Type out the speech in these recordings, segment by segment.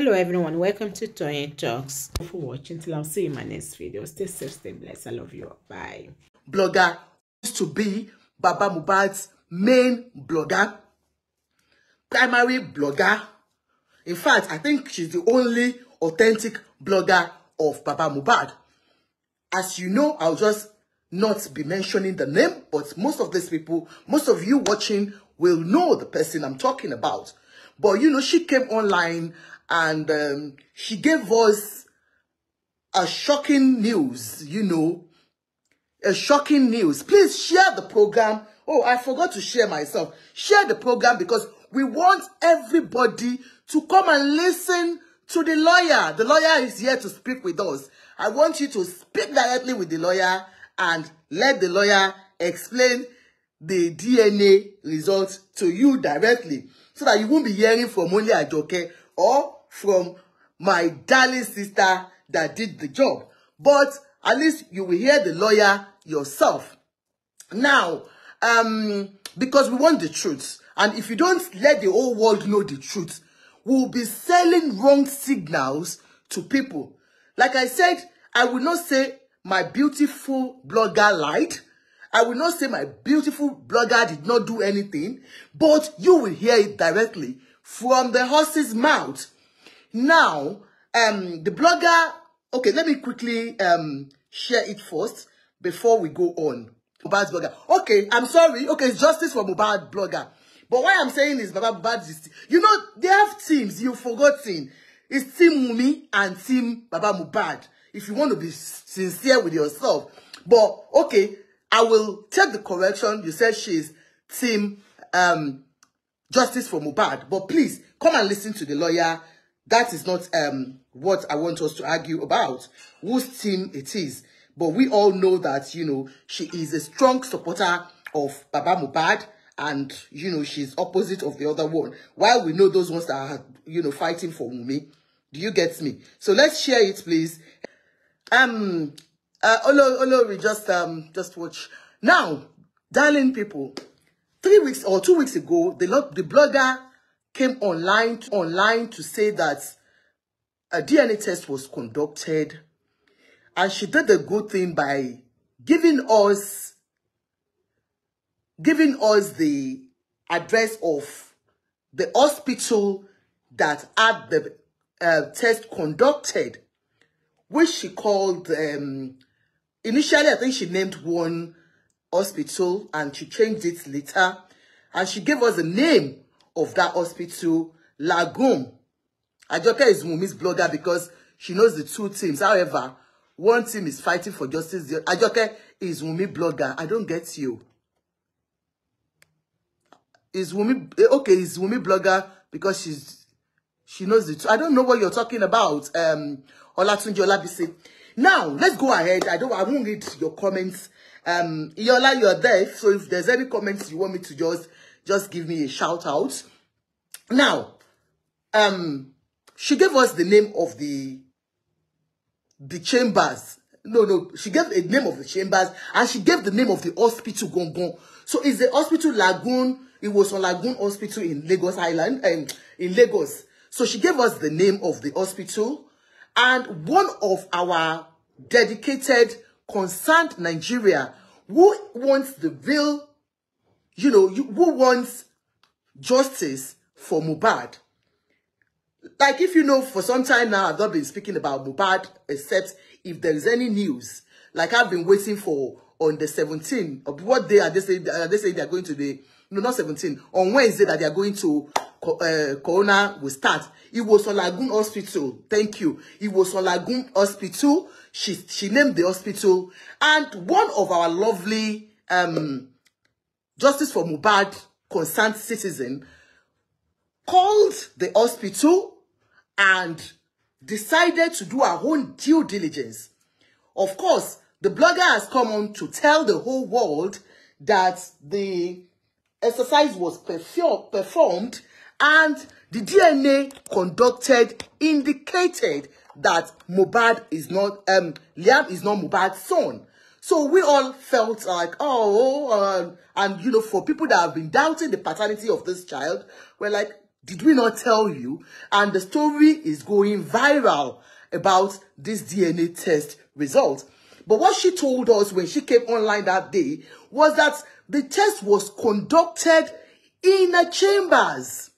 hello everyone welcome to Toyin Talks Thank you for watching till i'll see you in my next video stay safe stay blessed i love you bye blogger used to be Baba Mubad's main blogger primary blogger in fact i think she's the only authentic blogger of Baba Mubad. as you know i'll just not be mentioning the name but most of these people most of you watching will know the person i'm talking about but you know, she came online and um, she gave us a shocking news, you know, a shocking news. Please share the program. Oh, I forgot to share myself. Share the program because we want everybody to come and listen to the lawyer. The lawyer is here to speak with us. I want you to speak directly with the lawyer and let the lawyer explain the DNA results to you directly so that you won't be hearing from only Ajoke or from my darling sister that did the job. But at least you will hear the lawyer yourself. Now, um, because we want the truth. And if you don't let the whole world know the truth, we'll be selling wrong signals to people. Like I said, I will not say my beautiful blogger lied. I will not say my beautiful blogger did not do anything, but you will hear it directly from the horse's mouth. Now, um, the blogger, okay, let me quickly um, share it first before we go on. Mohbad's blogger. Okay, I'm sorry. Okay, it's justice for Mohbad blogger. But why I'm saying is Baba Mohbad is, you know, they have teams, you've forgotten. It's Team Mumi and Team Baba Mubad. If you want to be sincere with yourself. But, okay, I will take the correction. You said she's Team um, Justice for Mubad. But please, come and listen to the lawyer That is not um, what I want us to argue about, whose team it is. But we all know that, you know, she is a strong supporter of Baba Mubad and, you know, she's opposite of the other one. While we know those ones that are, you know, fighting for Wumi. Do you get me? So let's share it, please. Um, uh, Olo, We just, um, just watch. Now, darling people, three weeks or two weeks ago, the, the blogger came online online to say that a DNA test was conducted and she did a good thing by giving us giving us the address of the hospital that had the uh, test conducted, which she called, um, initially I think she named one hospital and she changed it later. And she gave us a name of that hospital, Lagoon. Ajoke is Mumi's blogger because she knows the two teams. However, one team is fighting for justice. Ajoke is Wumi blogger. I don't get you. Is Wumi eh, okay? Is Wumi blogger because she's she knows the two. I don't know what you're talking about. Um, Olatunji Olabisi. Now let's go ahead. I don't. I won't read your comments. Um, Yola, you're there. So if there's any comments you want me to just just give me a shout out. Now, um, she gave us the name of the the chambers. No, no, she gave the name of the chambers and she gave the name of the hospital Gongon. So it's the hospital Lagoon. It was on Lagoon Hospital in Lagos Island, um, in Lagos. So she gave us the name of the hospital. And one of our dedicated, concerned Nigeria who wants the real you know, you, who wants justice for Mubad? Like, if you know, for some time now, I've not been speaking about Mubad, except if there is any news. Like, I've been waiting for on the 17th. Of what day are they saying, are they, saying they are going to the... No, not 17. On Wednesday that they are going to... Uh, corona will start. It was on Lagoon Hospital. Thank you. It was on Lagoon Hospital. She, she named the hospital. And one of our lovely... Um, Justice for Mubad concerned citizen called the hospital and decided to do our own due diligence. Of course, the blogger has come on to tell the whole world that the exercise was performed and the DNA conducted indicated that Mubad is not, um, Liam is not Mubad's son. So we all felt like, oh, um, and you know, for people that have been doubting the paternity of this child, we're like, did we not tell you? And the story is going viral about this DNA test result. But what she told us when she came online that day was that the test was conducted in a chambers,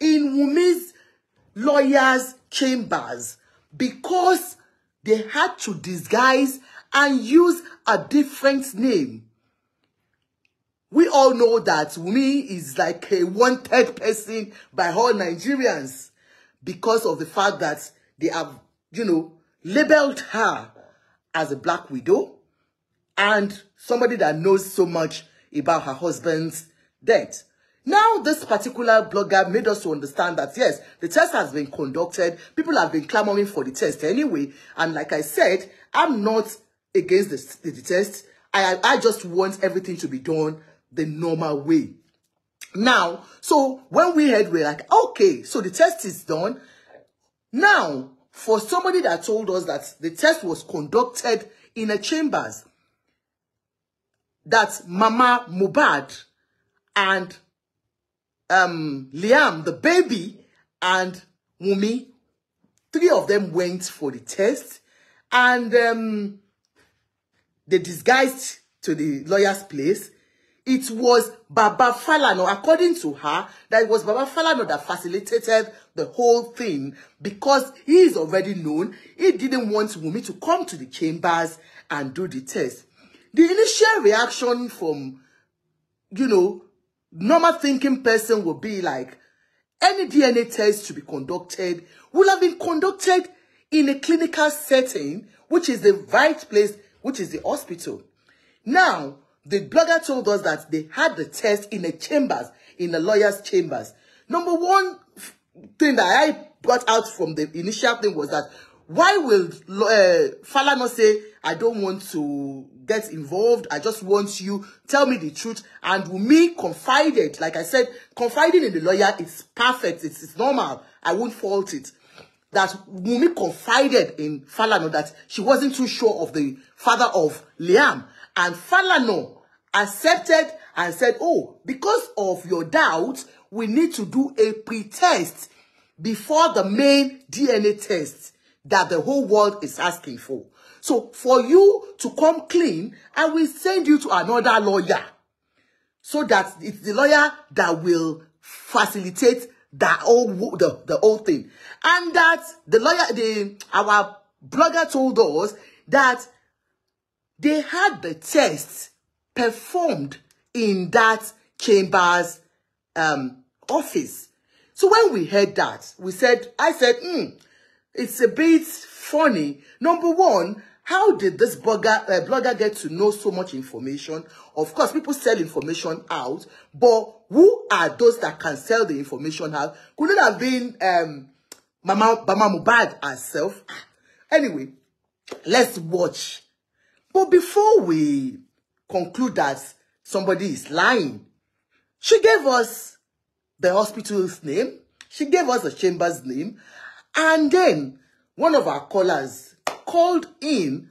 in Wumi's lawyer's chambers, because they had to disguise and use a different name. We all know that Wumi is like a wanted person by all Nigerians because of the fact that they have, you know, labeled her as a black widow and somebody that knows so much about her husband's death. Now, this particular blogger made us to understand that, yes, the test has been conducted. People have been clamoring for the test anyway. And like I said, I'm not against the, the, the test. I, I just want everything to be done the normal way. Now, so when we heard, we're like, okay, so the test is done. Now, for somebody that told us that the test was conducted in a chambers, that Mama Mubad and um, Liam, the baby, and Mumi, three of them went for the test. And um, they disguised to the lawyer's place, it was Baba Falano, according to her, that it was Baba Falano that facilitated the whole thing because he is already known. He didn't want Wumi to come to the chambers and do the test. The initial reaction from, you know, normal thinking person would be like, any DNA test to be conducted will have been conducted in a clinical setting, which is the right place which is the hospital. Now, the blogger told us that they had the test in the chambers, in the lawyer's chambers. Number one thing that I brought out from the initial thing was that why will uh, eh, Falano say, I don't want to get involved. I just want you, tell me the truth. And Wunmi confided, like I said, confiding in the lawyer is perfect. It's, it's normal. I won't fault it that Mumi confided in Falano that she wasn't too sure of the father of Liam. And Falano accepted and said, oh, because of your doubt, we need to do a pre-test before the main DNA test that the whole world is asking for. So for you to come clean, I will send you to another lawyer so that it's the lawyer that will facilitate that old the, the old thing. And that the lawyer, the our blogger told us that they had the tests performed in that chamber's um, office. So when we heard that, we said, I said, mm, it's a bit funny. Number one, How did this blogger, uh, blogger get to know so much information? Of course, people sell information out, but who are those that can sell the information out? Could it have been um, Mama, Mama Mubad herself? Anyway, let's watch. But before we conclude that somebody is lying, she gave us the hospital's name. She gave us the chamber's name. And then one of our callers called in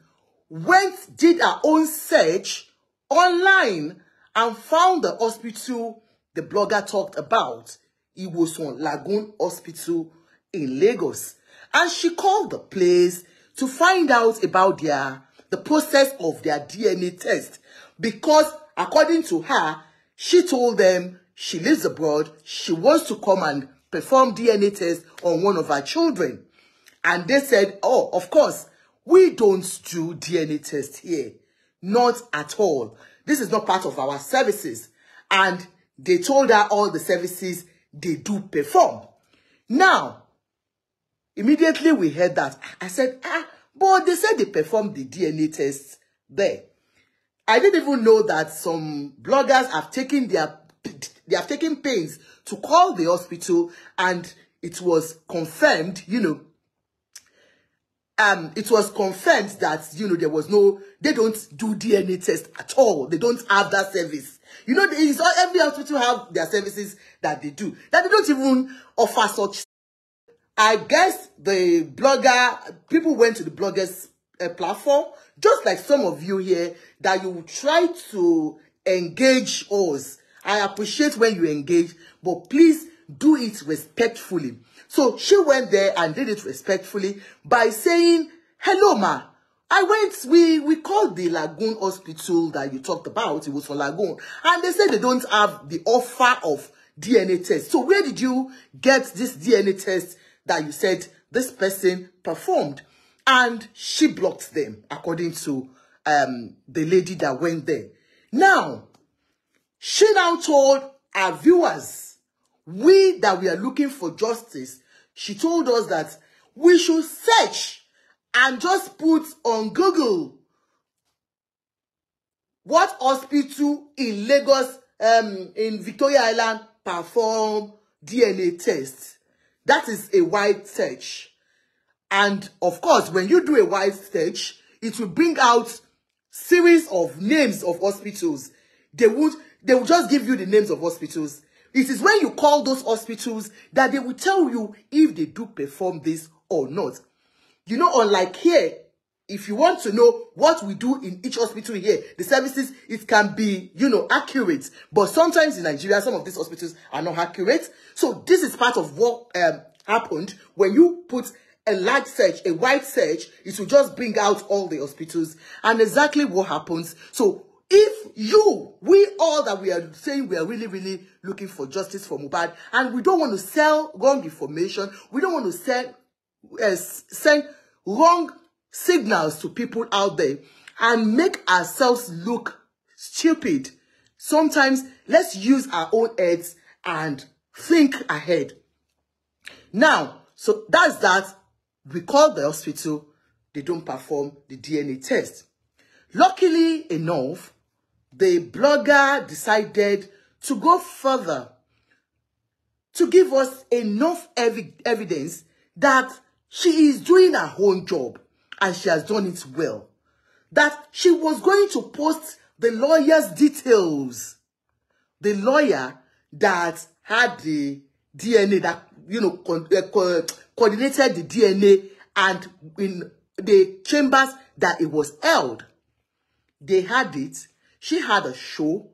went, did her own search online and found the hospital the blogger talked about. It was on Lagoon Hospital in Lagos. And she called the place to find out about their the process of their DNA test because according to her, she told them she lives abroad, she wants to come and perform DNA test on one of her children. And they said, oh, of course, We don't do DNA test here. Not at all. This is not part of our services. And they told her all the services they do perform. Now, immediately we heard that. I said, ah, but they said they perform the DNA tests there. I didn't even know that some bloggers have taken their they have taken pains to call the hospital and it was confirmed, you know, um, it was confirmed that, you know, there was no, they don't do DNA test at all. They don't have that service. You know, it's all, every hospital have their services that they do, that they don't even offer such. I guess the blogger, people went to the blogger's uh, platform, just like some of you here, that you try to engage us. I appreciate when you engage, but please do it respectfully. So she went there and did it respectfully by saying, hello, ma. I went, we, we called the Lagoon Hospital that you talked about. It was for Lagoon. And they said they don't have the offer of DNA test. So where did you get this DNA test that you said this person performed? And she blocked them, according to um, the lady that went there. Now, she now told our viewers we that we are looking for justice, she told us that we should search and just put on Google what hospital in Lagos, um, in Victoria Island perform DNA test. That is a wide search. And of course, when you do a wide search, it will bring out series of names of hospitals. They would they will just give you the names of hospitals. It is when you call those hospitals that they will tell you if they do perform this or not. You know, unlike here, if you want to know what we do in each hospital here, the services, it can be, you know, accurate. But sometimes in Nigeria, some of these hospitals are not accurate. So this is part of what um, happened when you put a large search, a wide search, it will just bring out all the hospitals and exactly what happens. So if you, we all that we are saying we are really, really looking for justice for Mubad, and we don't want to sell wrong information, we don't want to send, uh, send wrong signals to people out there and make ourselves look stupid. Sometimes let's use our own heads and think ahead. Now, so that's that. We call the hospital, they don't perform the DNA test. Luckily enough, the blogger decided to go further to give us enough ev evidence that she is doing her own job and she has done it well. That she was going to post the lawyer's details. The lawyer that had the DNA that, you know, co uh, co coordinated the DNA and in the chambers that it was held they had it. She had a show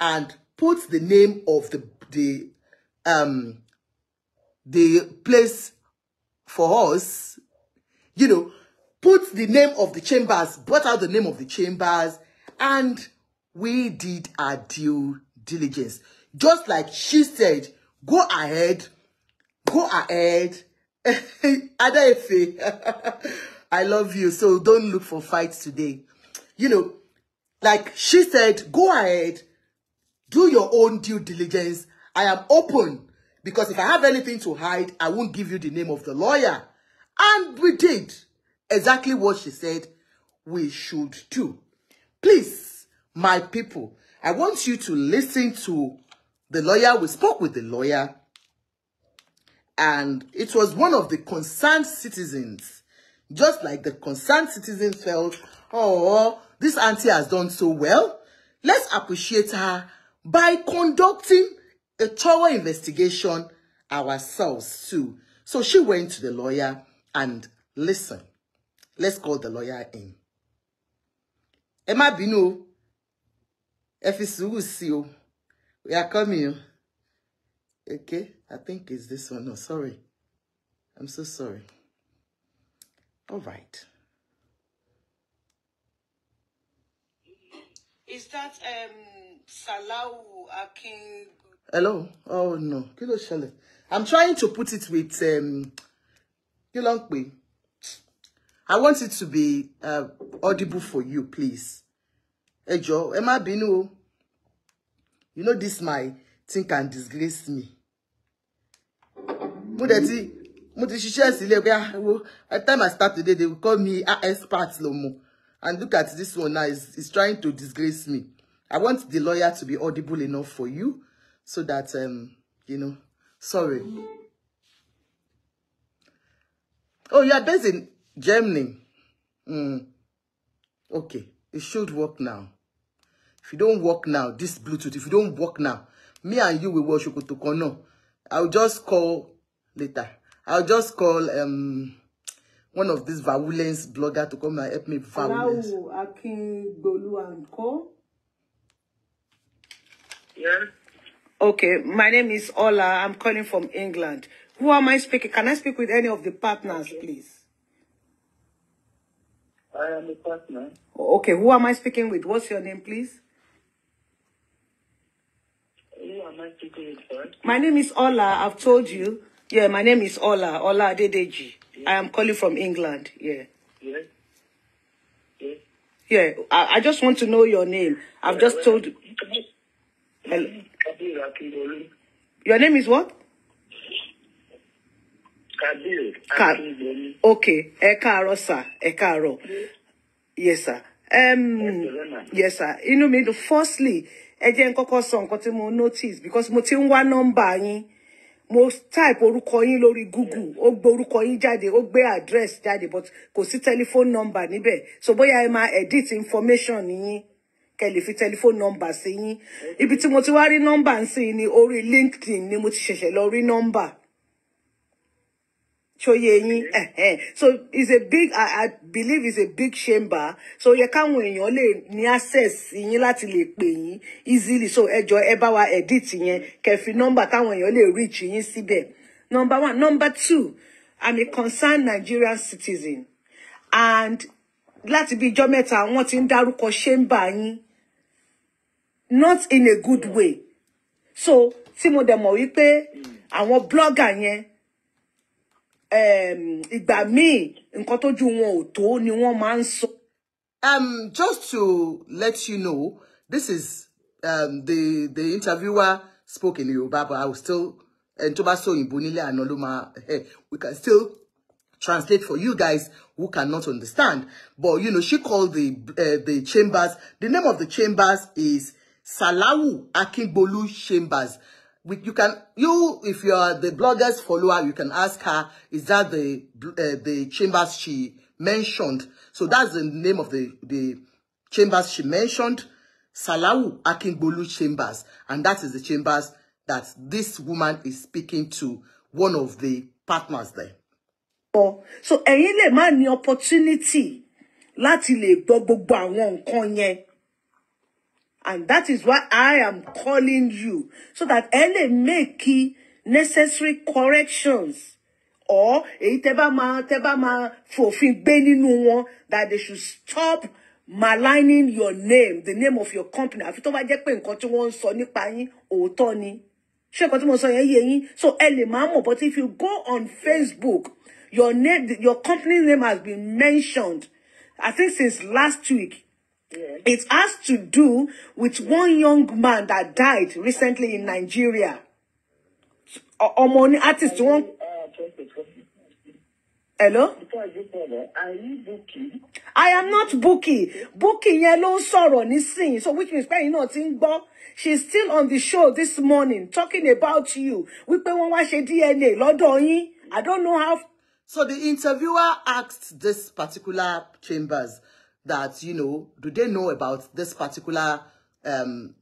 and put the name of the the um the place for us, you know, put the name of the chambers, brought out the name of the chambers, and we did our due diligence. Just like she said, go ahead, go ahead. Adaefe, I love you, so don't look for fights today. You know, Like she said, go ahead, do your own due diligence. I am open because if I have anything to hide, I won't give you the name of the lawyer. And we did exactly what she said we should do. Please, my people, I want you to listen to the lawyer. We spoke with the lawyer and it was one of the concerned citizens. Just like the concerned citizens felt, oh, this auntie has done so well. Let's appreciate her by conducting a thorough investigation ourselves too. So she went to the lawyer and listen, let's call the lawyer in. Ẹ má bínú, we are coming. Okay, I think it's this one. No, sorry. I'm so sorry. All right. Is that um Salau Akin? Hello. Oh no. Kilo ló I'm trying to put it with um Kilonkwe. I want it to be uh, audible for you, please. Hey Joe, am I being o. You know this my thing can disgrace me. Mo dẹ̀ ti mo ti ṣiṣẹ́ ah, time I start today they will call me a expert lomo. And look at this one now. Is is trying to disgrace me. I want the lawyer to be audible enough for you so that, um, you know, sorry. Oh, you are based in Germany. Mm. Okay, it should work now. If you don't work now, this Bluetooth, if you don't work now, me and you will watch Okotokono. I'll just call later. I'll just call um one of these Vaulens blogger to come and help me. Vaulens. Yeah. Okay, my name is Ola. I'm calling from England. Who am I speaking? Can I speak with any of the partners, okay. please? I am a partner. Okay, who am I speaking with? What's your name, please? Who am I speaking with? My name is Ola. I've told you. Yeah, my name is Ola. Ola Adedeji. I am calling from England. Yeah. Yeah. Yeah. yeah. I, I just want to know your name. I've yeah, just told. Hello. Your name is what? Kabir. Ka okay. Ẹ káàárọ̀ sir. Ẹ káàárọ̀. Yes sir. Um, yes sir. Inú mi dùn. Firstly, I jẹ́ n kọ́kọ́ sọ nǹkan tí mo because mo ti ń wá mo type orúkọ yín lórí google ó gbé orúkọ yín jáde ó gbé address jáde but kò sí telephone number níbẹ̀ so bóyá ẹ máa edit information yín kẹ́ lè fi telephone number sí yín ibi tí mo ti wá rí number ń sìn orí linkedin ni mo ti ṣẹ̀ṣẹ̀ lọ rí number ṣóyè yín eh, eh. so it's a big I, I believe it's a big chamber so yẹ káwọn èèyàn lè ní access yín láti lè pè yín easily so ẹ jọ ẹ bá wa edit yẹn kẹfì nọ́mbà káwọn èèyàn lè reach yín síbẹ̀ number one number two I'm a concerned Nigerian citizen and láti bí ijọ́ mẹ́ta wọ́n ti ń dárúkọ chamber yín not in a good way so tí mo dẹ̀ mọ̀ wípé àwọn blogger yẹn ìgbà míì nǹkan tójú wọn ò tó ni wọ́n máa ń sọ. Um, just to let you know, this is um, the the interviewer spoke in Yoruba, but I will still and tó bá sọ Òyìnbó nílé àná ló máa eh, we can still translate for you guys who cannot understand. But you know, she called the uh, the chambers. The name of the chambers is Salawu Akingbolu Chambers we, you can you if you are the blogger's follower you can ask her is that the uh, the chambers she mentioned so that's the name of the the chambers she mentioned salawu akingbolu chambers and that is the chambers that this woman is speaking to one of the partners there oh so ẹ̀yin lè má ní opportunity láti lè gbọ́ gbogbo àwọn nǹkan yẹn And that is why I am calling you so that ẹ make necessary corrections or èyí tẹ́ bá máa tẹ́ bá that they should stop maligning your name the name of your company àfi tó bá jẹ́ pé nǹkan tí wọ́n ń sọ nípa yín òótọ́ ni ṣé nǹkan so ẹ but if you go on Facebook your name your company name has been mentioned I think since last week Yeah. It has to do with one young man that died recently in Nigeria. Ọmọ ni artist uh, tí Hello? I am not bookie. Bukky yellow sorrow ń sọ̀rọ̀ So which means pé ẹ̀yin náà She's still on the show this morning talking about you. Wípé wọ́n wá ṣe DNA Lord yín. I don't know how. So the interviewer asked this particular Chambers. that, you know, do they know about this particular um,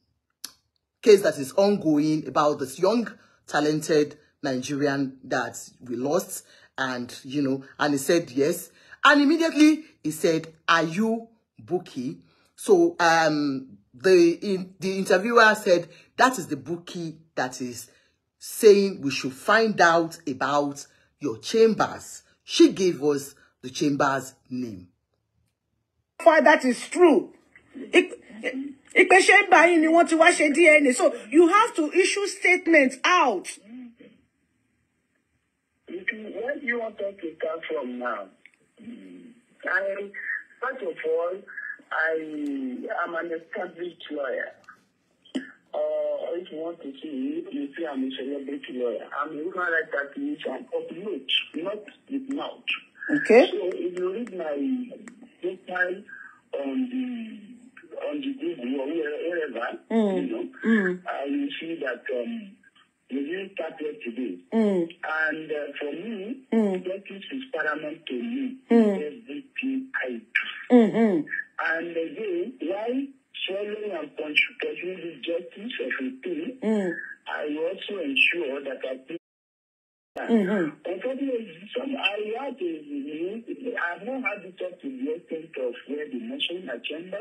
case that is ongoing about this young, talented Nigerian that we lost and, you know, and he said yes. And immediately he said, are you bookie? So um, the, in, the interviewer said, that is the bookie that is saying we should find out about your chambers. She gave us the chamber's name. far that is true. Ìpè ṣe ń bá yín ni wọ́n ti wá ṣe DNA. So you have to issue statements out. What do you want us to start from now? Hmm, I, first of all, I am an established lawyer. Uh, if you want to see it, you see I'm a celebrity lawyer. I'm a human rights activist and uplift, not with mouth. Okay. So if you read my Take time on the on the Google or wherever, mm. you know, mm. I will see that um, we will start here today. Mm. And uh, for me, mm. practice is paramount to me mm. everything I do. Mm-hmm. And again, why swallowing and pursuing the justice of a thing, mm. I also ensure that I Unfortunately, mm-hmm. some I had a, I've not had it up to the extent of where the mentioning agenda.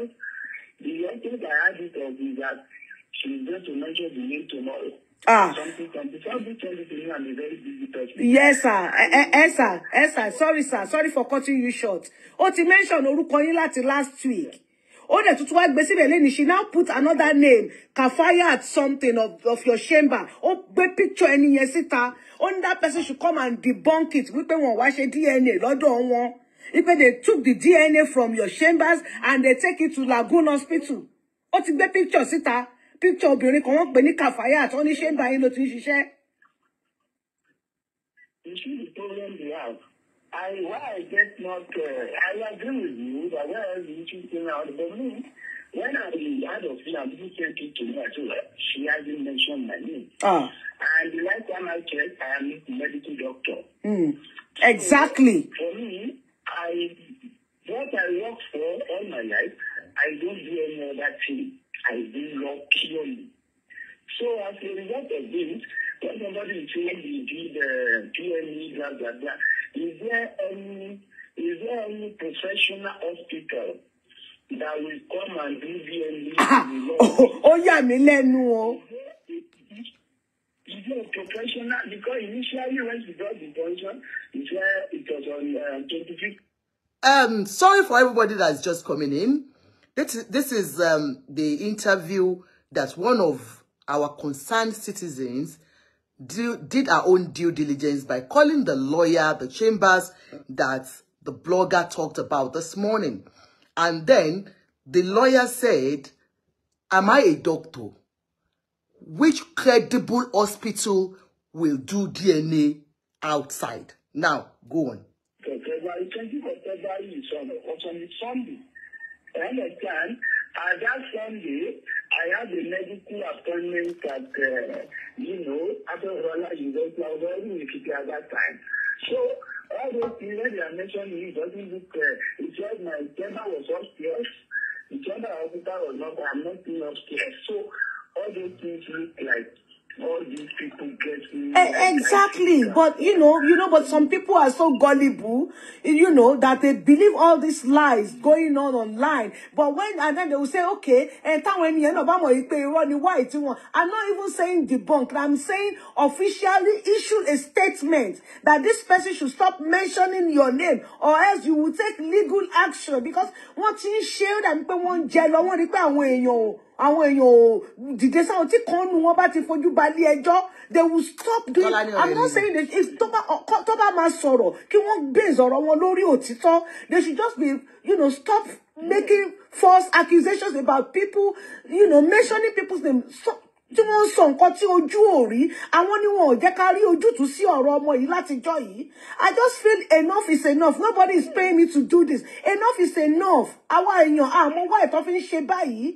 The thing I had it of is that she is going to measure the name tomorrow. Ah. Something, something. So I'll be telling I'm very busy person. Yes, sir. Yes, eh, eh, eh, sir. Yes, sir. Sorry, sir. Sorry for cutting you short. Ó ti mention orúkọ last week ó dẹ̀ tuntun wá gbé síbẹ̀ she now put another name at something of, of your chamber ó gbé picture ẹni yẹn Only that person should come and debunk it We pay one, wash ṣe DNA Lord don't want. If they took the DNA from your chambers and they take it to Lagoon hospital ó ti the picture sita. picture obìnrin kan wọ́n pè ní kafayat ó ní chamber yín ló ti ń ṣiṣẹ́. You see the problem we have. I why I get not uh, I agree with you that where the issue came out about me. When I had of you and people sent it to me as well, she hasn't mentioned my name. Ah. And the last time I checked, I am medical doctor. Mm. Exactly. So for me, I what I work for all my life, I don't do any other thing. I do law purely. So as a result of this, when somebody is saying you did uh, PME, blah blah blah Is there any is there any professional hospital that will come and give you VNB? Oh yà mí lẹ́nu o. Is there a professional because initially when she got the poison, it was it was on twenty uh, fifth. Um, sorry for everybody that's just coming in. This is, this is um, the interview that one of our concerned citizens did our own due diligence by calling the lawyer, the chambers that the blogger talked about this morning. And then the lawyer said, am I a doctor? Which credible hospital will do DNA outside? Now, go on. February 20th of February is on Sunday? I understand. At that Sunday, I have a medical appointment at, uh, you know, after Rola University. I was already in Ifipi at that time. So, all those periods you are mentioning, it doesn't look clear. Uh, it's just my temper was upstairs. The temper hospital was not, I'm not being upstairs. So, all those things look like all these people get me. E, exactly, but you know, you know, but some people are so gullible, you know, that they believe all these lies going on online. But when and then they will say, okay, and time when you know, you pay, why it I'm not even saying debunk. I'm saying officially issue a statement that this person should stop mentioning your name, or else you will take legal action because wọ́n you share that, é dàbí pé wọ́n ń jẹ lọ wọ́n rí pé àwọn àwọn èèyàn ò dìde sáwọn tí kan nu wọn bá ti fojú balẹ̀ ẹjọ́ they will stop doing i'm not saying that it's tó bá máa sọ̀rọ̀ kí wọ́n gbé ìsọ̀rọ̀ wọn lórí òtítọ́ they should just be you know stop making false accusations about people you know mentioning people's name stop tí wọ́n ń sọ nǹkan tí ojú ò rí àwọn ni wọn ò jẹ́ ká rí ojútùú sí ọ̀rọ̀ ọmọ yìí látijọ́ yìí I just feel enough is enough nobody is paying me to do this enough is enough àwa èèyàn àmọ́ wá ìtọ́ fi ń ṣe báyìí.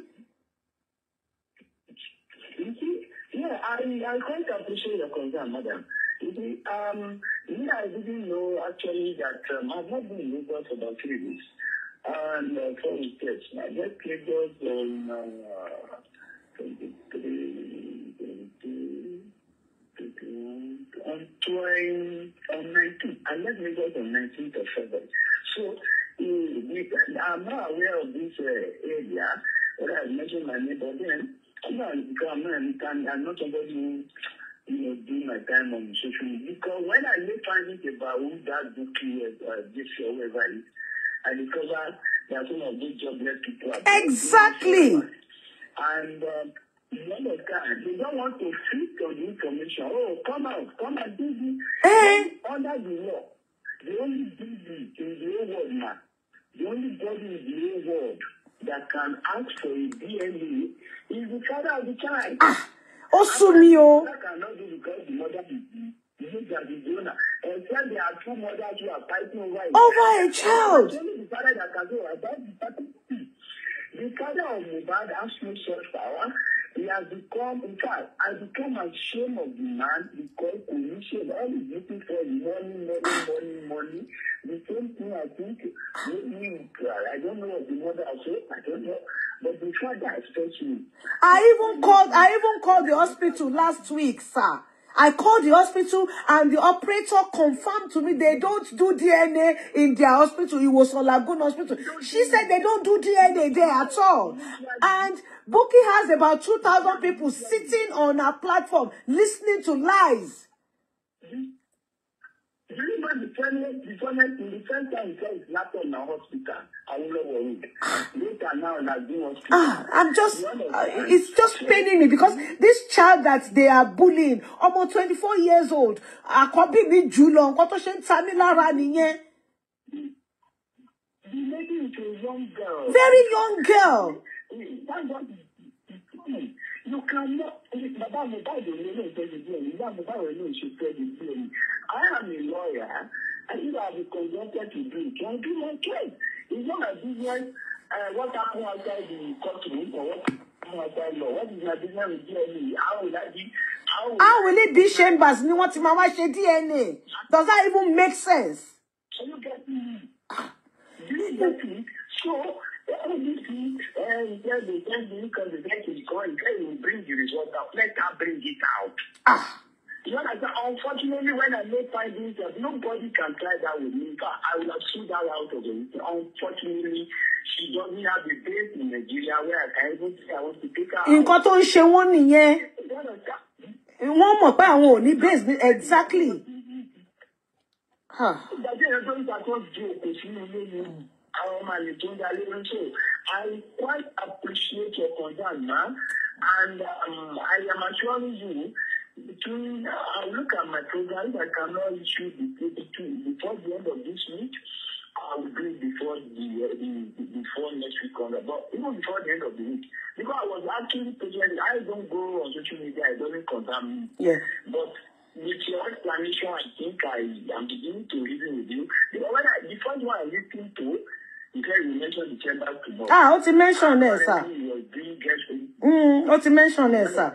I, I quite appreciate your concern, madam. um, you I didn't know actually that um, I've not been in Lagos for about three weeks. And uh, from States, I left Lagos on uh, 23, 22, 21, on 20, on 19. I left Lagos on 19th of February. So, uh, I'm not aware of this uh, area, but I mentioned my neighbor then. No, I'm not, I'm, I'm not somebody who, you know, do my time on social media. Because when I make findings about who that bookie is, uh, this or whoever is, I discover that some of those jobless people are. Exactly! And, uh, you understand, they don't want to feed on the information. Oh, come out, come and do this. Eh? Under the law, the only duty in the whole world, man, the only body in the whole world that can ask for a DNA is the father of the child. Ah, ó sú oh. o. cannot do because the mother is used as the donor. Except there are two mothers who are fighting over child. Over a child. It's only the father that can do it. The father of Mohbad has no such power. He has become, in fact, I become ashamed of the man because pollution, all he's looking for is money, money, money, money. The same thing I think made me cry. I don't know what the mother said, I don't know. But the father has touched me. I even called, I even called the hospital last week, sir. I called the hospital and the operator confirmed to me they don't do DNA in their hospital. It was on Hospital. She said they don't do DNA there at all. And Bukky has about 2,000 people sitting on her platform listening to lies. Ah, I'm just, uh, it's just paining me because this child that they are bullying, almost 24 years old, àkọ́bí mi jù lọ, nǹkan tó ṣe The lady is a young girl. Very young girl. That's what the problem. You cannot, Baba Mohbad ò nílò ìtọ́jú bí ẹni, Baba Mohbad ò nílò ìṣètọ́jú bí I am a lawyer and you have been consented to do it. And do my case. It's not my business uh, what happened outside the courtroom or what happened outside What is my business with How will I be? How will, it be chambers ni wọ́n ti máa wá ṣe DNA? Does that even make sense? Can you get me? Do you get me? So jáde jáde nǹkan ìgbẹ́kẹ̀ nǹkan ìgbẹ́ ìwé bring the result out let her bring it out. Ah. You understand? Unfortunately, when I made findings that nobody can try that with me, I will have sued her out of it. Unfortunately, she doesn't have a base in Nigeria where I even say I want to take her out. Nǹkan tó ń ṣe wọ́n nìyẹn. Wọ́n mọ̀ pé àwọn ò ní base ní exactly. Ìdájọ́ ìrẹ́jọ́ ìgbà tó ju òkè sínú ilé ni. I quite appreciate your concern ma'am, and um, I am assuring you between I look at my program I cannot issue the before the end of this week. I will do it before the, uh, the, the before next week comes But even before the end of the week because I was actually patient. I don't go on social media. I do not concern me. Yes. But with your explanation, I think I am beginning to reason with you. Because when I, the first one I listened to, ah ó ti mention sir? sà mm, ó ti mention ẹ sir?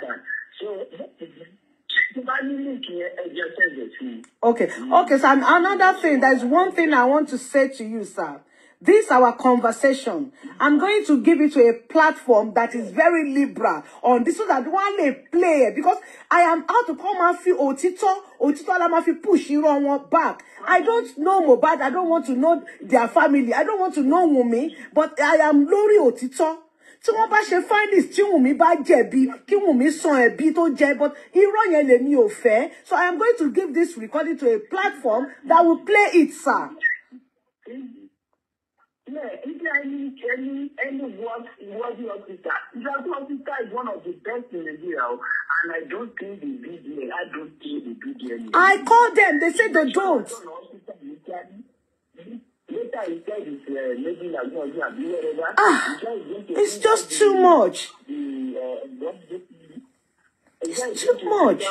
Okay, okay, sir. Another thing, there's one thing I want to say to you, sir. This our conversation. I'm going to give it to a platform that is very liberal on this so that one may play because I am out to come and feel Otito, òtítọ́ la ma fi push irọ́ wọn back. I don't know Mohbad. I don't want to know their family. I don't want to know Wunmi, but I am lórí òtítọ́. tí wọ́n bá ṣe findings tí Wùnmí bá jẹ̀bi kí Wùnmí san ẹ̀bi tó jẹ but irọ́ yẹn lèmi ò fẹ́ so I am going to give this recording to a platform that will play it sir. Yeah, if any any any worthy worthy officer, Ijagu officer is one of the best in the Nigeria, oh, and I don't think the BDA, I don't think the BDA. I called them. They said they don't. Ah, it's just too much. Uh, it's too much.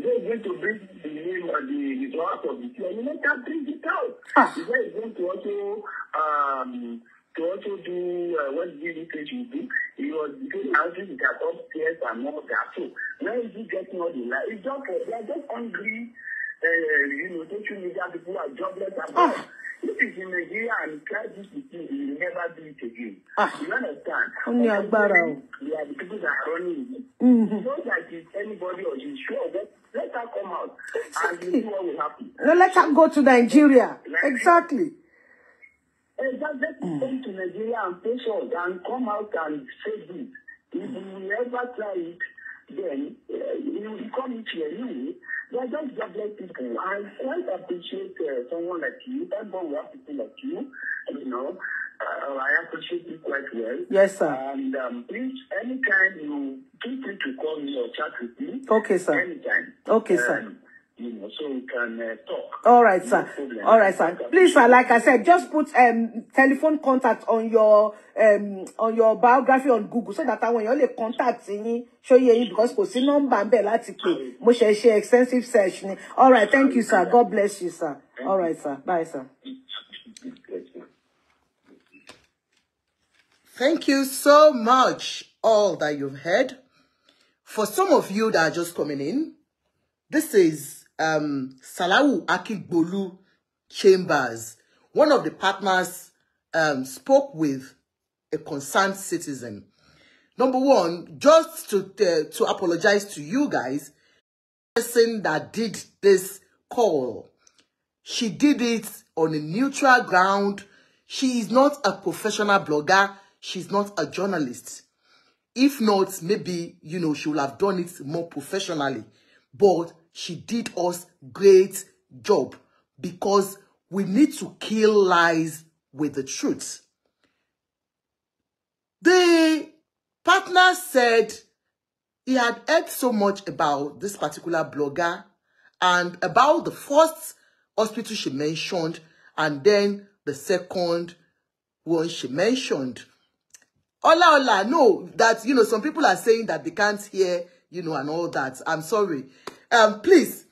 Today is going to bring the name and the result of the tear. You let that bring it out. Ah. Today is going to also um, to also do uh, what Jesus said you do. He was doing houses that upstairs and all that. So where is he getting all the light? It's just for uh, they are just hungry. Uh, you know, social media people are jobless and ah. If it's in Nigeria and try this with you, will never do it again. Ah. You understand? Only Agbara. They are the people that are running Mm-hmm. Not that it's anybody or it's sure Exactly. No, let her go to Nigeria. Exactly. Exactly. Mm. Come to Nigeria and pay and come out and say this. If you ever try it, then uh, you come into your new. They are just lovely people. I quite appreciate uh, someone like you. Thank God we have people like you. You know, uh, I appreciate you quite well. Yes, sir. And um, please, anytime you feel free to call me or chat with me. Okay, sir. Anytime. Okay, um, sir. You know, so we can uh, talk. All right, sir. All right, sir. Please, sir. Like I said, just put um telephone contact on your um on your biography on Google so that àwọn èèyàn lè contact yín show yín because kò see number ńbẹ̀ láti mo extensive search All right, thank you, sir. God bless you, sir. All right, sir. Bye, sir. Thank you so much, all that you've heard. For some of you that are just coming in, this is um, Salawu Akigbolu Chambers, one of the partners, um, spoke with a concerned citizen. Number one, just to, uh, to apologize to you guys, the person that did this call, she did it on a neutral ground. She is not a professional blogger. She's not a journalist. If not, maybe, you know, she would have done it more professionally. But she did us great job because we need to kill lies with the truth. The partner said he had heard so much about this particular blogger and about the first hospital she mentioned and then the second one she mentioned. Ola Ola, no, that, you know, some people are saying that they can't hear, you know, and all that. I'm sorry. um, please,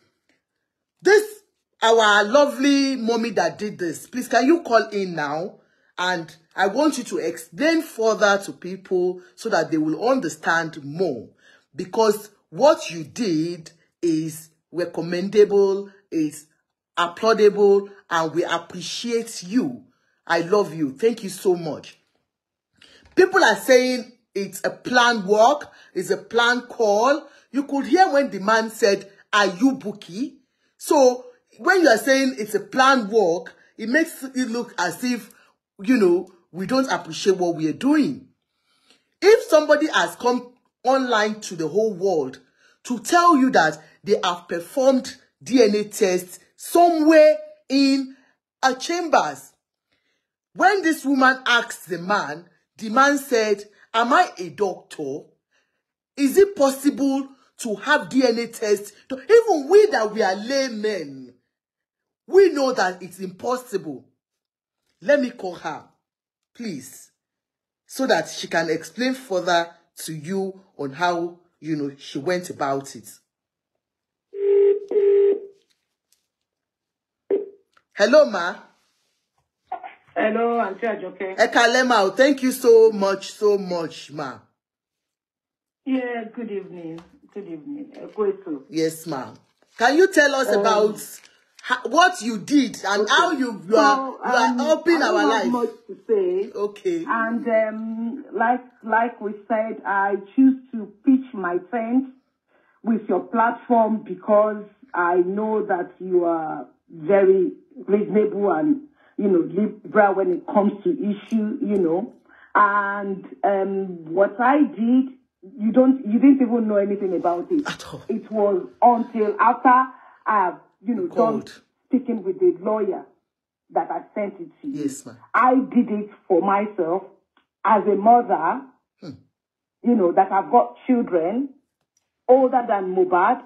this, our lovely mommy that did this, please, can you call in now? And I want you to explain further to people so that they will understand more. Because what you did is recommendable, is applaudable, and we appreciate you. I love you. Thank you so much. People are saying it's a planned walk, it's a planned call, you could hear when the man said, are you bookie? So when you are saying it's a planned walk, it makes it look as if, you know, we don't appreciate what we are doing. If somebody has come online to the whole world to tell you that they have performed DNA tests somewhere in a chambers, when this woman asked the man, the man said, am I a doctor? Is it possible to have DNA tests. Even we that we are laymen, we know that it's impossible. Let me call her, please, so that she can explain further to you on how, you know, she went about it. Hello, ma. Hello, Auntie Ajoke. Ẹ thank you so much, so much, ma. Yeah, good evening. Uh, Good evening. Yes, ma'am. Can you tell us um, about how, what you did and okay. how you, you are, um, you are um, helping our life? much to say. Okay. And um, like like we said, I choose to pitch my tent with your platform because I know that you are very reasonable and you know liberal when it comes to issue. You know, and um, what I did you don't you didn't even know anything about it at all. It was until after I've you know Cold. done speaking with the lawyer that I sent it to you. Yes, ma'am. I did it for myself as a mother, hmm. you know, that I've got children older than Mubad,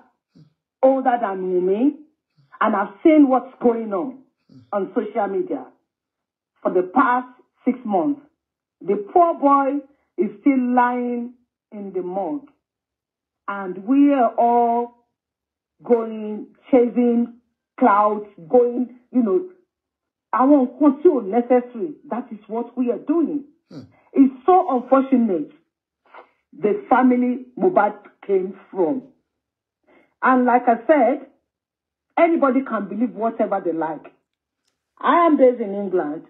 older than Wumi, and I've seen what's going on hmm. on social media for the past six months. The poor boy is still lying in the mud. And we are all going, chasing clouds, going, you know, our nǹkan necessary. That is what we are doing. Hmm. It's so unfortunate the family Mohbad came from. And like I said, anybody can believe whatever they like. I am based in England.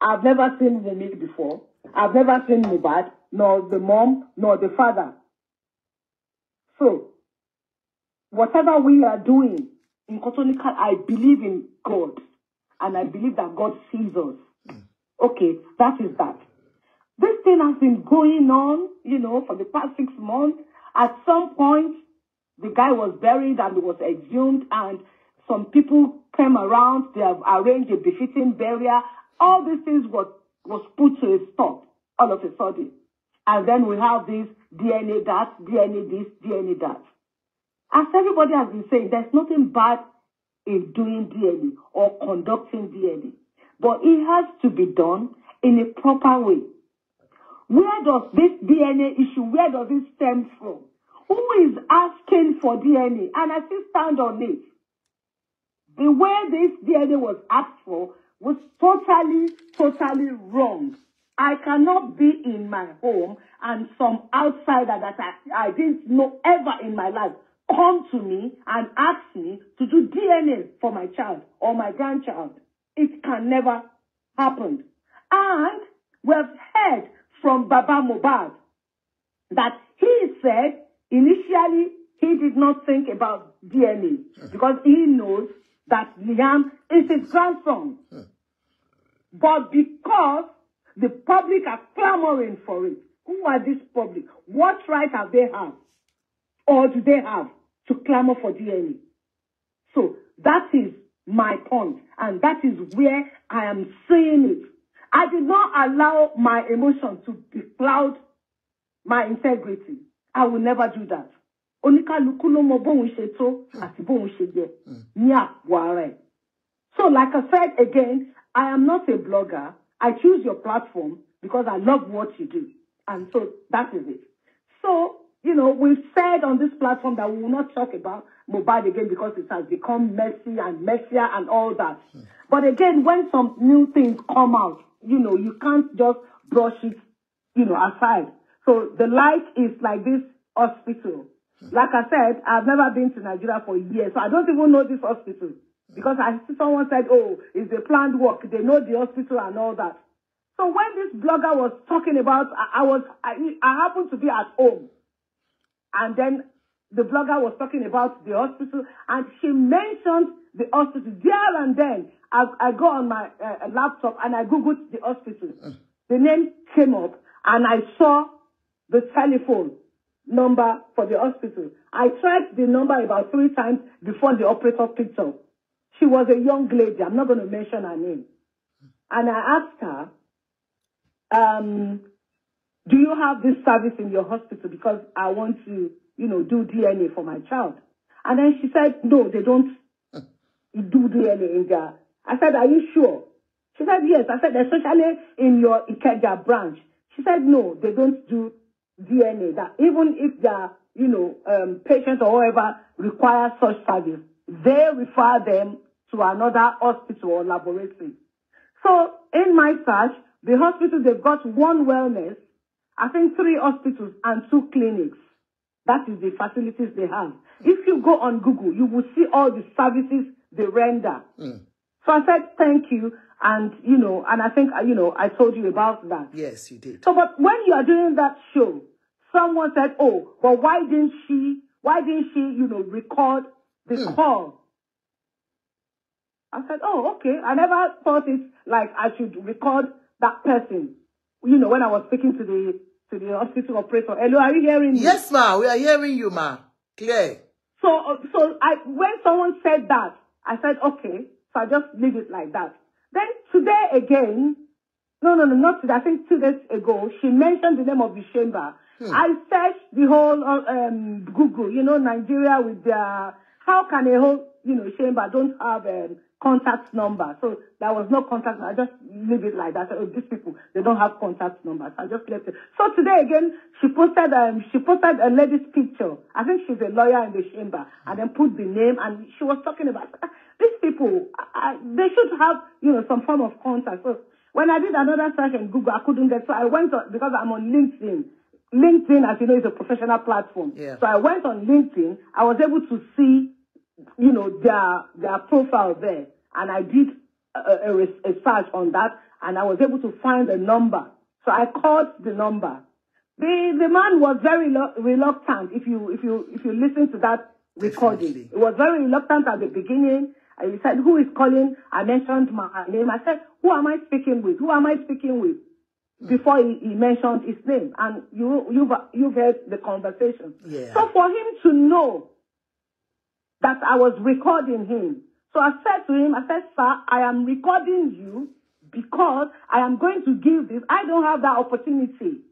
I've never seen Wumi before. I've never seen Mubad, nor the mom, nor the father. So, whatever we are doing in Kotonika, I believe in God. And I believe that God sees us. Okay, that is that. This thing has been going on, you know, for the past six months. At some point, the guy was buried and was exhumed, and some people came around. They have arranged a befitting burial. All these things were was put to a stop all of a sudden. And then we have this DNA that, DNA this, DNA that. As everybody has been saying, there's nothing bad in doing DNA or conducting DNA, but it has to be done in a proper way. Where does this DNA issue, where does it stem from? Who is asking for DNA? And I still stand on it. The way this DNA was asked for was totally, totally wrong. I cannot be in my home and some outsider that I, I didn't know ever in my life come to me and ask me to do DNA for my child or my grandchild. It can never happen. And we have heard from Baba Mubad that he said initially he did not think about DNA because he knows that Liam is his grandson. But because the public are clamoring for it, who are this public? What right have they have? Or do they have to clamor for DNA? So that is my point, and that is where I am saying it. I did not allow my emotion to cloud my integrity. I will never do that. Oníkálukú ló mọ bóun ṣe tó àti bóun ṣe yẹ hmm. So like I said again, I am not a blogger. I choose your platform because I love what you do. And so that is it. So, you know, we've said on this platform that we will not talk about mobile again because it has become messy and messier and all that. But again, when some new things come out, you know, you can't just brush it, you know, aside. So the light is like this hospital. Like I said, I've never been to Nigeria for years, so I don't even know this hospital. Because I see someone said, oh, it's a planned work. They know the hospital and all that. So when this blogger was talking about, I, I was, I, I happened to be at home. And then the blogger was talking about the hospital and she mentioned the hospital there and then. I, I go on my uh, laptop and I Googled the hospital. The name came up and I saw the telephone number for the hospital. I tried the number about three times before the operator picked up. She was a young lady. I'm not going to mention her name. And I asked her, um, do you have this service in your hospital? Because I want to, you know, do DNA for my child. And then she said, no, they don't hmm. do DNA in there. I said, are you sure? She said, yes. I said, especially in your Ikeja branch. She said, no, they don't do DNA. That even if their, you know, um, patient or whoever requires such service, they refer them to another hospital or laboratory. So in my search, the hospital, they've got one wellness, I think three hospitals and two clinics. That is the facilities they have. If you go on Google, you will see all the services they render. Mm. So I said, thank you. And, you know, and I think, you know, I told you about that. Yes, you did. So, but when you are doing that show, someone said, oh, but why didn't she, why didn't she, you know, record the mm. call I said, oh, okay. I never thought it like I should record that person. You know, when I was speaking to the to the hospital operator. Hello, are you hearing me? Yes, ma. We are hearing you, ma. Clear. So, uh, so I when someone said that, I said, okay. So I just leave it like that. Then today again, no, no, no, not today. I think two days ago, she mentioned the name of the chamber. Hmm. I searched the whole uh, um, Google, you know, Nigeria with the how can a whole, you know, chamber don't have um, contact number. So there was no contact. I just leave it like that. So, oh, these people, they don't have contact numbers. I just left it. So today again, she posted um, she posted a lady's picture. I think she's a lawyer in the chamber, and then put the name. And she was talking about these people. I, they should have you know some form of contact. So when I did another search in Google, I couldn't get. So I went on, because I'm on LinkedIn. LinkedIn, as you know, is a professional platform. Yeah. So I went on LinkedIn. I was able to see, you know, their their profile there and I did a, a, a search on that, and I was able to find a number. So I called the number. The the man was very reluctant. If you if you if you listen to that recording, Definitely. it was very reluctant at the beginning. I said, "Who is calling?" I mentioned my name. I said, "Who am I speaking with? Who am I speaking with?" Hmm. Before he, he mentioned his name, and you you've you've heard the conversation. Yeah. So for him to know that I was recording him, So I said to him, I said, sir, I am recording you because I am going to give this. I don't have that opportunity,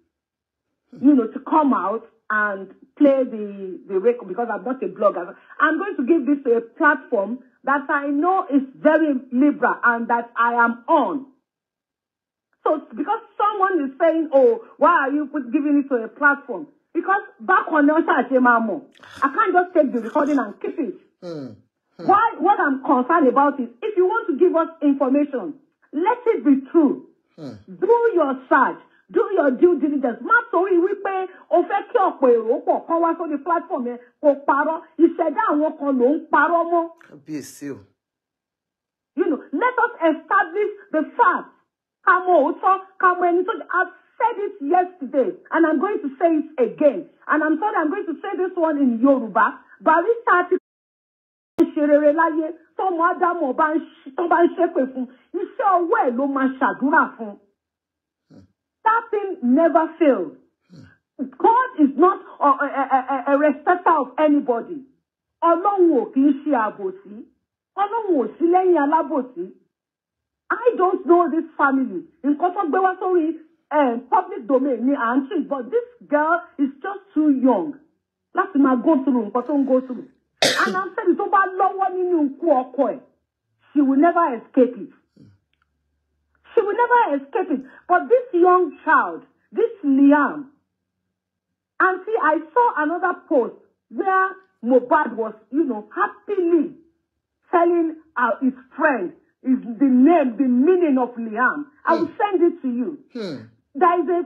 you know, to come out and play the, the record because I'm not a blogger. I'm going to give this a platform that I know is very liberal and that I am on. So because someone is saying, oh, why are you giving it to a platform? Because back on the I can't just take the recording and keep it. Mm. Hmm. Why, what I'm concerned about is if you want to give us information, let it be true. Hmm. Do your search. Do your due diligence. Má torí wípé o fẹ́ kí ọ̀pọ̀ èrò pọ̀ kán wá sórí platform yẹn kó parọ́. Ìṣẹ̀dá àwọn kan ló ń parọ́ mọ́. Kábíyèsí o. You know, let us establish the fact. Ká mọ òótọ́, ká mọ ẹni tó I've said it yesterday and I'm going to say it again. And I'm sorry I'm going to say this one in Yoruba. Barrister ti ṣe rere láyé tọ́mọ ádámù tó bá ń ṣépè fún iṣẹ́ ọwọ́ ẹ̀ ló máa ṣàdúrà fún. that thing never failed. God is not a, a, a, a respecter of anybody. Ọlọ́run ò kì í ṣe àbòsí. Ọlọ́run ò sí lẹ́yìn alábòsí. I don't know this family. Nǹkan tó gbé wá sórí eh, public domain ni à ń but this girl is just too young láti máa go through nǹkan tó ń go through and i'm saying tó bá lọ́wọ́ nínú ikú ọkọ ẹ̀ she will never escape it she will never escape it but this young child this Liam And see, i saw another post where Mobad was you know happily telling uh, his friend is the name the meaning of Liam i will hmm. send it to you hmm. there is a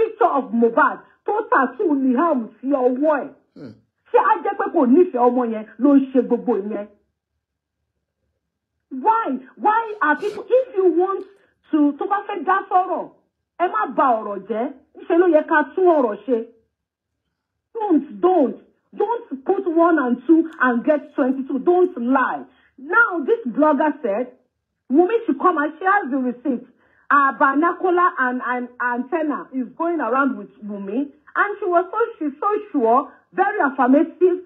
picture of Mobad tó tattoo Liam sí ọwọ́ Hmm ṣé á jẹ́ pé kò nífẹ̀ẹ́ ọmọ yẹn ló ń ṣe gbogbo ìyẹn. why why are people if you want to tó bá fẹ́ dá sọ̀rọ̀ ẹ má bà ọ̀rọ̀ jẹ́ ṣe ló yẹ ká tún ọ̀rọ̀ ṣe. don't don't don't put one and two and get twenty-two don't lie now this blogger said Wunmi should come and share the receipt our uh, binocular and, and antenna is going around with Wumi. And she was so she's so sure, very affirmative,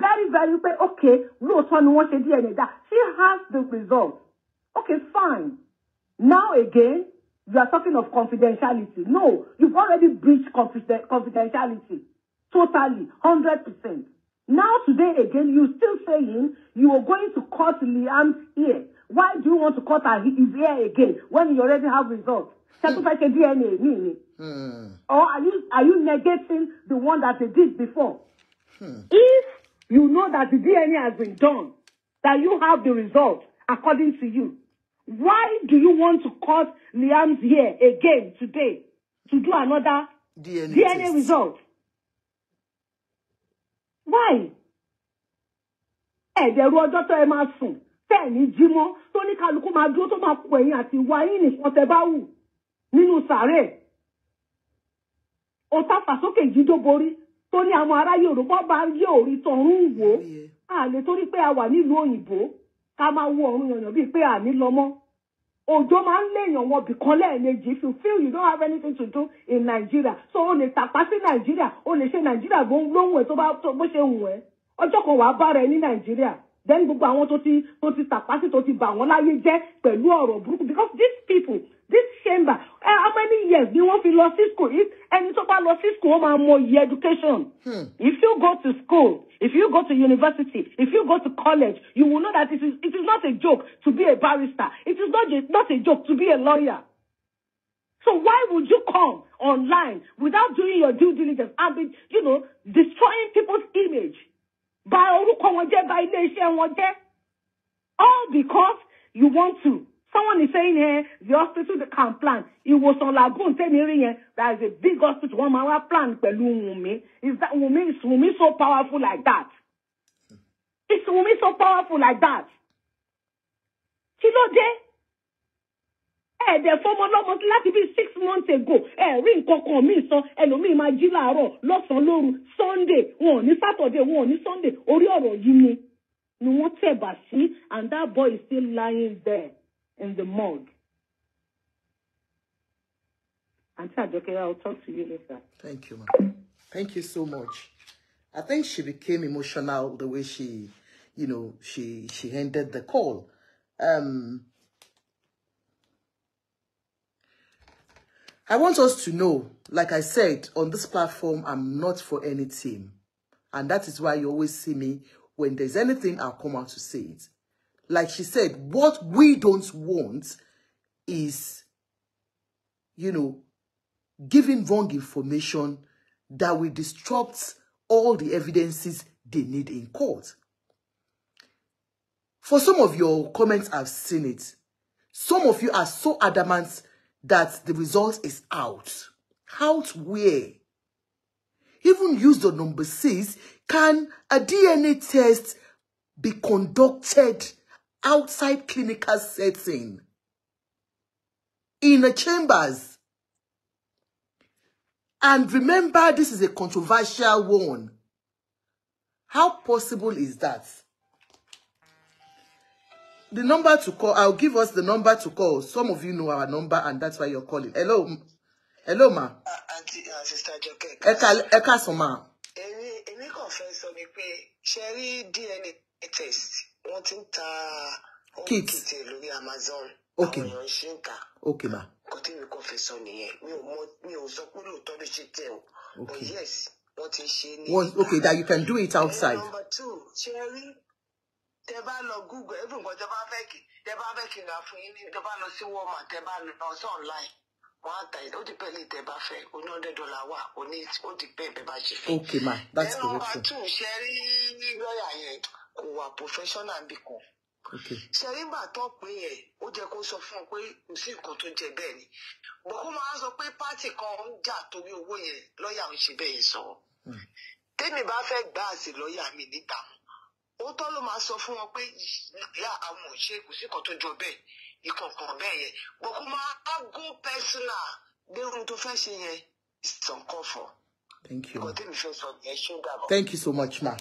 very, very very okay, lóòótọ́ ni wọ́n ṣe díẹ̀ ní that. She has the results. Okay, fine. Now again, you are talking of confidentiality. No, you've already breached confidentiality. Totally, 100%. Now today again, you're still saying you are going to cut Liam's ear. Why do you want to cut her his hair again when you already have results? Sacrifice a DNA, me, me. Hmm. Or are you are you negating the one that they did before? Hmm. If you know that the DNA has been done, that you have the result according to you, why do you want to cut Liam's hair again today to do another DNA, DNA result? Why? Ẹ there was tó ẹ máa sùn. tẹ̀ ní jímọ́ tó ní kálukú máa dúró tó máa kú ẹ̀yìn àti ìwà yín nìkan tẹ bá wù nínú sàárẹ̀ ọ̀tá fàsókè jíjóborí tó ní àwọn ará yorùbá bá yé òrí wò torí pé a wà nílùú òyìnbó ká máa wo ọ̀run yànnà bíi pé àní òjò máa ń léèyàn wọn bìkan lẹ́ẹ̀mejì don't do in Nigeria so o lè tàpá sí Nigeria o lè ṣe Nigeria bó lóhùn ẹ tó bá bó ṣe kan wàá bára ẹ ní Nigeria then gbogbo àwọn tó ti tó ti tàpásí tó ti bà wọ́n láyé jẹ́ pẹ̀lú ọ̀rọ̀ burúkú because these people this chamber uh, how many years ni wọ́n fi lọ sí school if ẹni tó bá lọ sí school ó máa mọ education hmm. if you go to school if you go to university if you go to college you will know that it is it is not a joke to be a barrister it is not a not a joke to be a lawyer. So why would you come online without doing your due diligence and be, you know, destroying people's image? bà orúkọ wọn jẹ́ bà iléeṣẹ́ wọn jẹ́ all because you want to someone is saying eh the hospital can plan ìwòsàn lagoon tẹ́mi rí yẹn that is a big hospital wọ́n máa wá plan pẹ̀lú Wunmi is that Wunmi is Wunmi so powerful like that is Wunmi so powerful like that kí ló dé ẹ̀ẹ́dẹ̀ fọmọ lọ́mọ láti bíi six months ago ẹ̀ rí nǹkan kan míì sọ ẹlòmíì máa jí láàárọ̀ lọ́sàn-án lóru sunday wọn ò ní saturday wọn ò ní sunday orí ọ̀rọ̀ yìí ni ni wọ́n tẹ̀bà sí and that boy is still lying there in the mud. Auntie Ajoke, I'll talk to you later. Thank you, ma'am. Thank you so much. I think she became emotional the way she, you know, she she ended the call. Um, I want us to know, like I said, on this platform, I'm not for any team. And that is why you always see me. When there's anything, I'll come out to say it. Like she said, what we don't want is, you know, giving wrong information that will disrupt all the evidences they need in court. For some of your comments, I've seen it. Some of you are so adamant that the result is out. Out where? Even use the number six, can a DNA test be conducted outside clinical setting? In the chambers? And remember, this is a controversial one. How possible is that? the number to call, I'll give us the number to call. Some of you know our number and that's why you're calling. Hello, hello ma. Auntie, uh, Sister Joke. Ẹ káàsán ma. Èmi, èmi kàn fẹ́ sọ mi pé, ṣé DNA test, Wanting ti ta kit lórí Amazon. Okay. Àwọn Okay ma. Kò tí mi kàn fẹ́ sọ nìyẹn. Mi ò mọ, mi ò Okay. But yes, wọ́n ti ṣe ní. Okay, that you can do it outside. number two, ṣé tẹ bá lọ google even nǹkan tẹ bá fẹ́ kí tẹ bá fẹ́ kí ra fún yín ní tẹ bá lọ sí walmart tẹ bá lọ sí online wọn á ta ó depend ní tẹ bá fẹ́ oní hundred dollar wà oní ó depend bẹ́ẹ̀ bá ṣe fẹ́. okay ma that's correct. ẹnu ọba tún ṣe rí ní lọ́ọ̀yà yẹn kò wà professional bí kan ṣe rí gbà tó pé yẹn ó jẹ kó sọ fún un pé kò sí nǹkan tó jẹ bẹ́ẹ̀ ni bọkú máa ń sọ pé pátì kan ń jà torí owó yẹn lọ́ọ̀yà ń ṣe bẹ́ẹ̀ sọ hmm. tèmi bá fẹ́ gbà á sí lọ́ọ̀yà mi nígbà mú òótọ́ ló máa sọ fún wọn pé ìyá àwọn ò kò sí kan tó jọ bẹ́ẹ̀ ìkọ̀ọ̀kan bẹ́ẹ̀ yẹn bọ̀ kó máa go personal gbẹ̀rún tó fẹ́ ṣe yẹn ìsànkọ́ Thank you. Thank you so much, ma.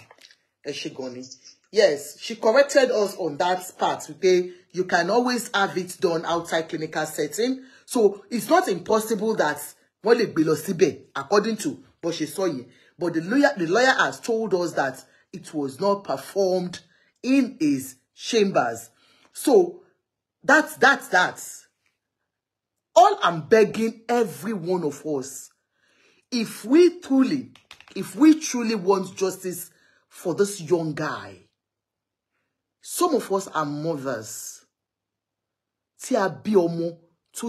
Eshigoni. Yes, she corrected us on that part. Okay, you can always have it done outside clinical setting. So it's not impossible that wọ́n lè gbé lọ síbẹ̀ according to bó ṣe sọ yìí. But the lawyer, the lawyer has told us that it was not performed in his chambers. So that's that's that. All I'm begging every one of us, if we truly, if we truly want justice for this young guy, some of us are mothers. Tia a tó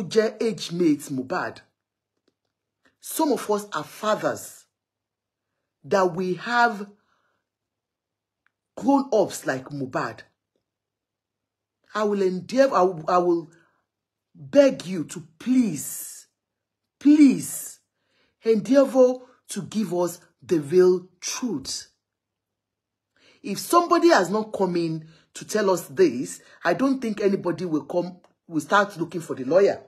jẹ́ age mate Some of us are fathers that we have grown-ups like Mubad. I will endeavor, I will, I will beg you to please, please endeavor to give us the real truth. If somebody has not come in to tell us this, I don't think anybody will come, will start looking for the lawyer.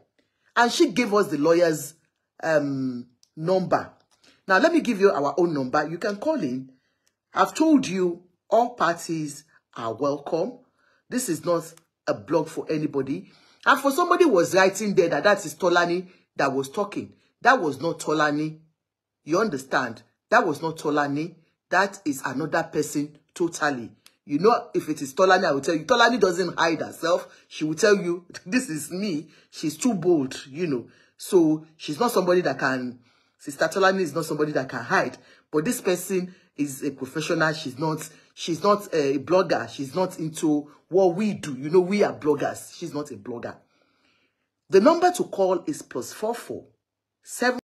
And she gave us the lawyer's um, number. Now, let me give you our own number. You can call in. I've told you All parties are welcome. This is not a blog for anybody. And for somebody was writing there that that is Tolani that was talking. That was not Tolani. You understand? That was not Tolani. That is another person totally. You know, if it is Tolani, I will tell you. Tolani doesn't hide herself. She will tell you, this is me. She's too bold, you know. So she's not somebody that can, Sister Tolani is not somebody that can hide. But this person is a professional. She's not, She's not a blogger. She's not into what we do. You know, we are bloggers. She's not a blogger. The number to call is plus plus four four seven.